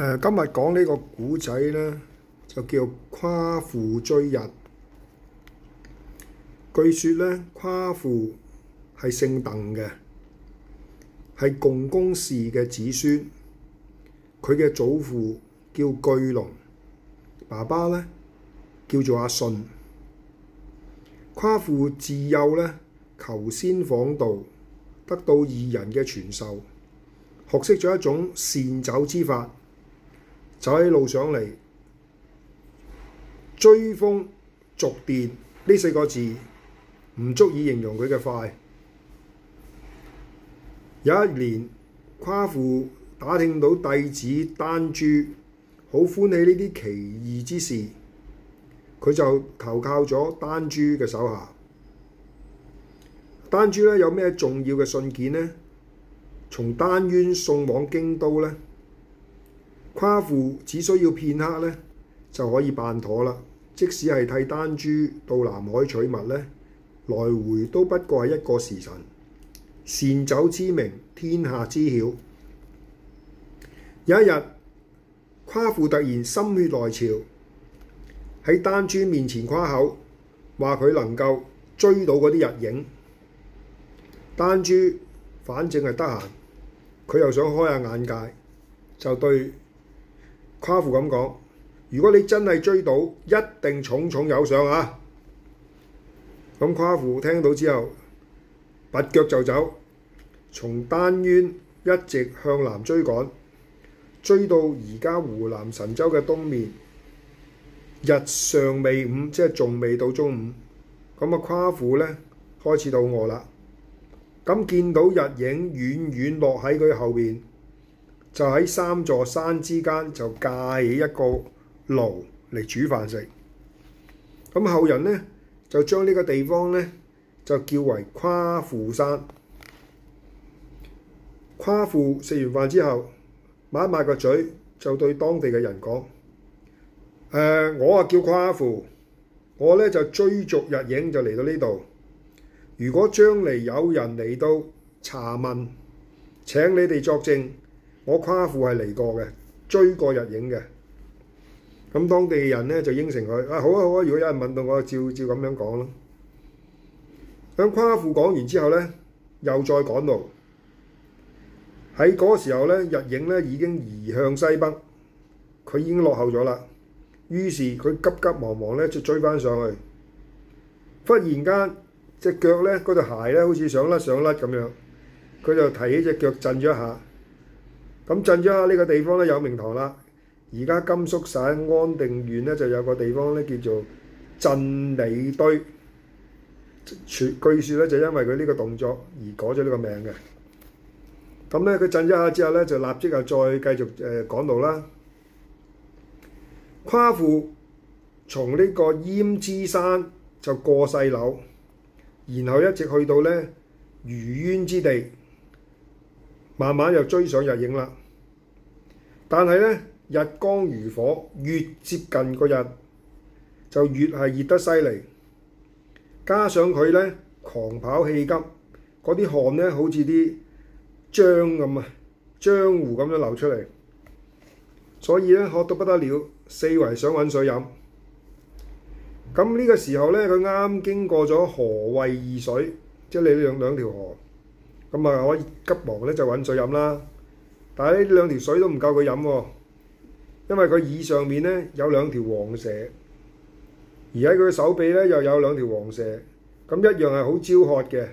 誒，今日講個呢個古仔咧，就叫《夸父追日》。據說咧，夸父係姓鄧嘅，係共工氏嘅子孫。佢嘅祖父叫巨龍，爸爸咧叫做阿信。夸父自幼咧求仙訪道，得到二人嘅傳授，學識咗一種善走之法。走喺路上嚟，追風逐電呢四個字唔足以形容佢嘅快。有一年，夸父打聽到弟子丹珠好歡喜呢啲奇異之事，佢就投靠咗丹珠嘅手下。丹珠咧有咩重要嘅信件呢？從丹淵送往京都呢。夸父只需要片刻咧就可以辦妥啦。即使係替丹珠到南海取物咧，來回都不過係一個時辰。善走之名天下知曉。有一日，夸父突然心血來潮喺丹珠面前誇口，話佢能夠追到嗰啲日影。丹珠反正係得閒，佢又想開下眼界，就對夸父咁講：如果你真係追到，一定重重有賞啊！咁夸父聽到之後，拔腳就走，從丹淵一直向南追趕，追到而家湖南神州嘅東面。日尚未午，即係仲未到中午，咁啊，夸父呢，開始肚餓啦。咁見到日影遠遠落喺佢後面。就喺三座山之間，就架起一個爐嚟煮飯食。咁後人呢，就將呢個地方呢，就叫為夸父山。夸父食完飯之後，抹一抹個嘴，就對當地嘅人講：誒、呃，我啊叫夸父，我呢，就追逐日影就嚟到呢度。如果將來有人嚟到查問，請你哋作證。我誇父係嚟過嘅，追過日影嘅。咁當地人咧就應承佢：啊好啊好啊！如果有人問到我，照照咁樣講咯。咁誇父講完之後咧，又再趕路。喺嗰時候咧，日影咧已經移向西北，佢已經落後咗啦。於是佢急急忙忙咧就追翻上去。忽然間，隻腳咧嗰隻鞋咧好似想甩想甩咁樣，佢就提起隻腳震咗一下。咁震咗下，呢個地方咧有名堂啦！而家甘肅省安定縣咧就有個地方咧叫做鎮里堆，傳據說咧就因為佢呢個動作而改咗呢個名嘅。咁咧佢震咗下之後咧，就立即又再繼續誒趕路啦。夸、呃、父從呢個胭脂山就過細柳，然後一直去到咧虞淵之地，慢慢又追上日影啦。但係咧，日光如火，越接近個日就越係熱得犀利。加上佢咧狂跑氣急，嗰啲汗咧好似啲漿咁啊，漿糊咁樣流出嚟。所以咧渴到不得了，四圍想揾水飲。咁呢個時候咧，佢啱啱經過咗河渭二水，即係你兩兩條河，咁啊可以急忙咧就揾水飲啦。但係呢兩條水都唔夠佢飲喎，因為佢耳上面呢有兩條黃蛇，而喺佢嘅手臂呢又有兩條黃蛇，咁一樣係好焦渴嘅。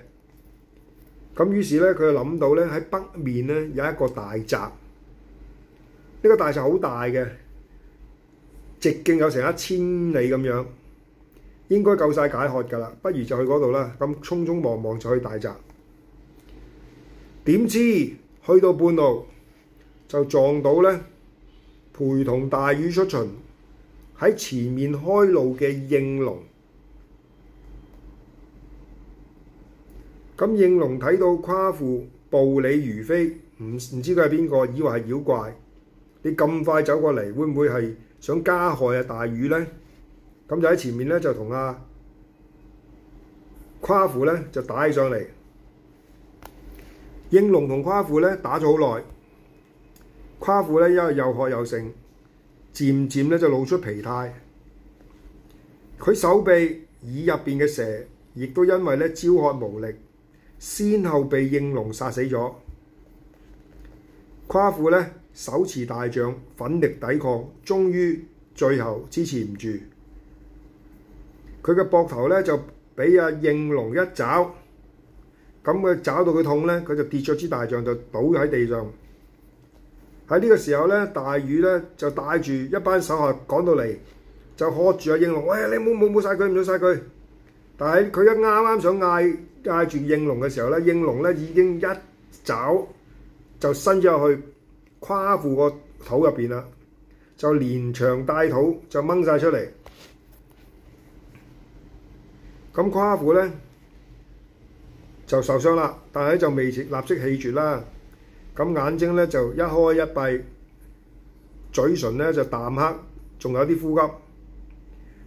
咁於是呢，佢就諗到呢喺北面呢有一個大澤，呢、這個大澤好大嘅，直徑有成一千里咁樣，應該夠晒解渴㗎啦。不如就去嗰度啦，咁匆匆忙忙就去大澤。點知去到半路，就撞到咧，陪同大禹出巡喺前面開路嘅應龍。咁應龍睇到夸父步履如飛，唔，唔知佢係邊個，以為係妖怪。你咁快走過嚟，會唔會係想加害啊大禹咧？咁就喺前面咧就同啊夸父咧就打起上嚟。應龍同夸父咧打咗好耐。夸父咧，因為又渴又餓，漸漸咧就露出疲態。佢手臂耳入邊嘅蛇，亦都因為咧焦渴無力，先後被應龍殺死咗。夸父咧手持大杖奮力抵抗，終於最後支持唔住，佢嘅膊頭咧就俾阿應龍一爪，咁佢爪到佢痛咧，佢就跌咗支大杖，就倒喺地上。喺呢個時候咧，大禹咧就帶住一班手下趕到嚟，就喝住阿應龍：喂，你冇冇冇曬佢，唔好曬佢！但係佢一啱啱想嗌嗌住應龍嘅時候咧，應龍咧已經一爪就伸咗入去，誇父個肚入邊啦，就連腸帶肚就掹曬出嚟。咁誇父咧就受傷啦，但係就未立即氣絕啦。咁眼睛咧就一開一閉，嘴唇咧就淡黑，仲有啲呼吸。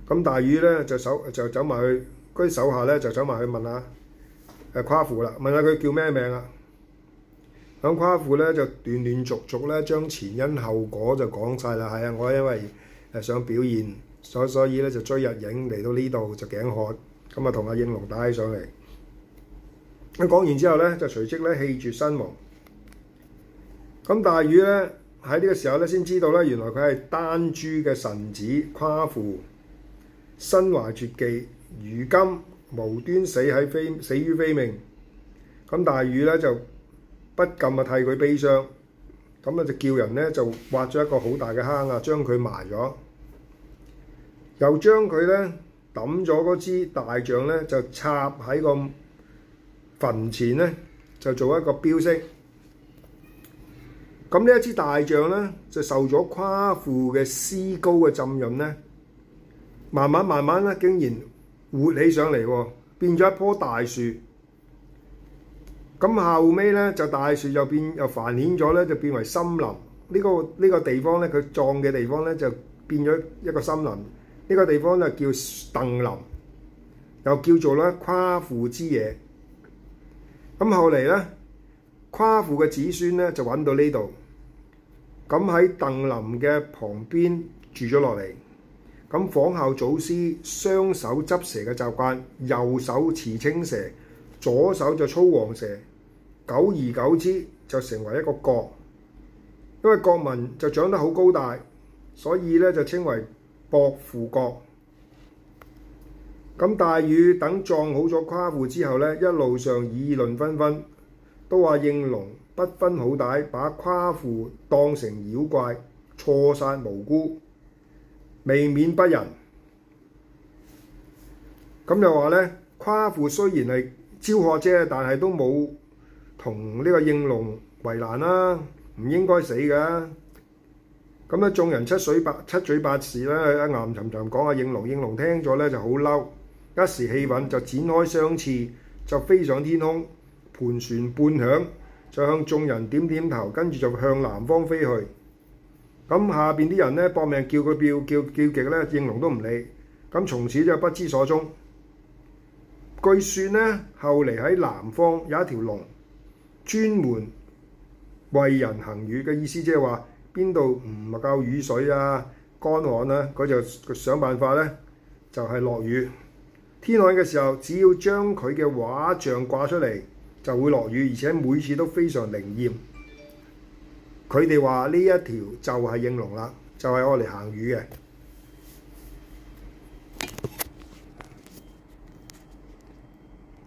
咁大禹咧就手就走埋去，嗰啲手下咧就走埋去問下誒誇父啦，問下佢叫咩名啊。咁誇父咧就斷斷續續咧將前因後果就講晒啦。係啊，我因為誒想表現，所所以咧就追日影嚟到呢度就頸渴，咁啊同阿應龍打起上嚟。咁講完之後咧，就隨即咧氣絕身亡。咁大禹咧喺呢個時候咧先知道咧，原來佢係丹朱嘅神子，夸父身懷絕技，如今無端死喺非死於非命。咁大禹咧就不禁啊替佢悲傷，咁啊就叫人咧就挖咗一個好大嘅坑啊，將佢埋咗，又將佢咧揼咗嗰支大象咧就插喺個墳前咧就做一個標識。咁呢一支大杖咧，就受咗夸父嘅屍膏嘅浸潤咧，慢慢慢慢咧，竟然活起上嚟喎，變咗一棵大樹。咁後尾咧，就大樹又變又繁衍咗咧，就變為森林。呢個呢個地方咧，佢葬嘅地方咧，就變咗一個森林。呢個地方就叫鄧林，又叫做咧夸父之野。咁後嚟咧。夸父嘅子孫咧就揾到呢度，咁喺鄧林嘅旁邊住咗落嚟，咁仿效祖師雙手執蛇嘅習慣，右手持青蛇，左手就操黃蛇，久而久之就成為一個國，因為國民就長得好高大，所以咧就稱為博父國。咁大禹等葬好咗夸父之後咧，一路上議論紛紛。都話應龍不分好歹，把誇父當成妖怪，錯殺無辜，未免不仁。咁又話咧，誇父雖然係招喝啫，但係都冇同呢個應龍為難啦，唔應該死㗎。咁咧，眾人七嘴八七嘴八舌啦，阿岩沉沉講下應龍，應龍聽咗咧就好嬲，一時氣憤就展開雙翅，就飛上天空。盤旋半響，就向眾人點點頭，跟住就向南方飛去。咁下邊啲人咧，搏命叫佢叫叫叫極咧，應龍都唔理。咁從此就不知所蹤。據說咧，後嚟喺南方有一條龍，專門為人行雨嘅意思，即係話邊度唔係夠雨水啊、乾旱啊，佢就想辦法咧，就係落雨。天旱嘅時候，只要將佢嘅畫像掛出嚟，就會落雨，而且每次都非常靈驗。佢哋話呢一條就係應龍啦，就係用嚟行雨嘅。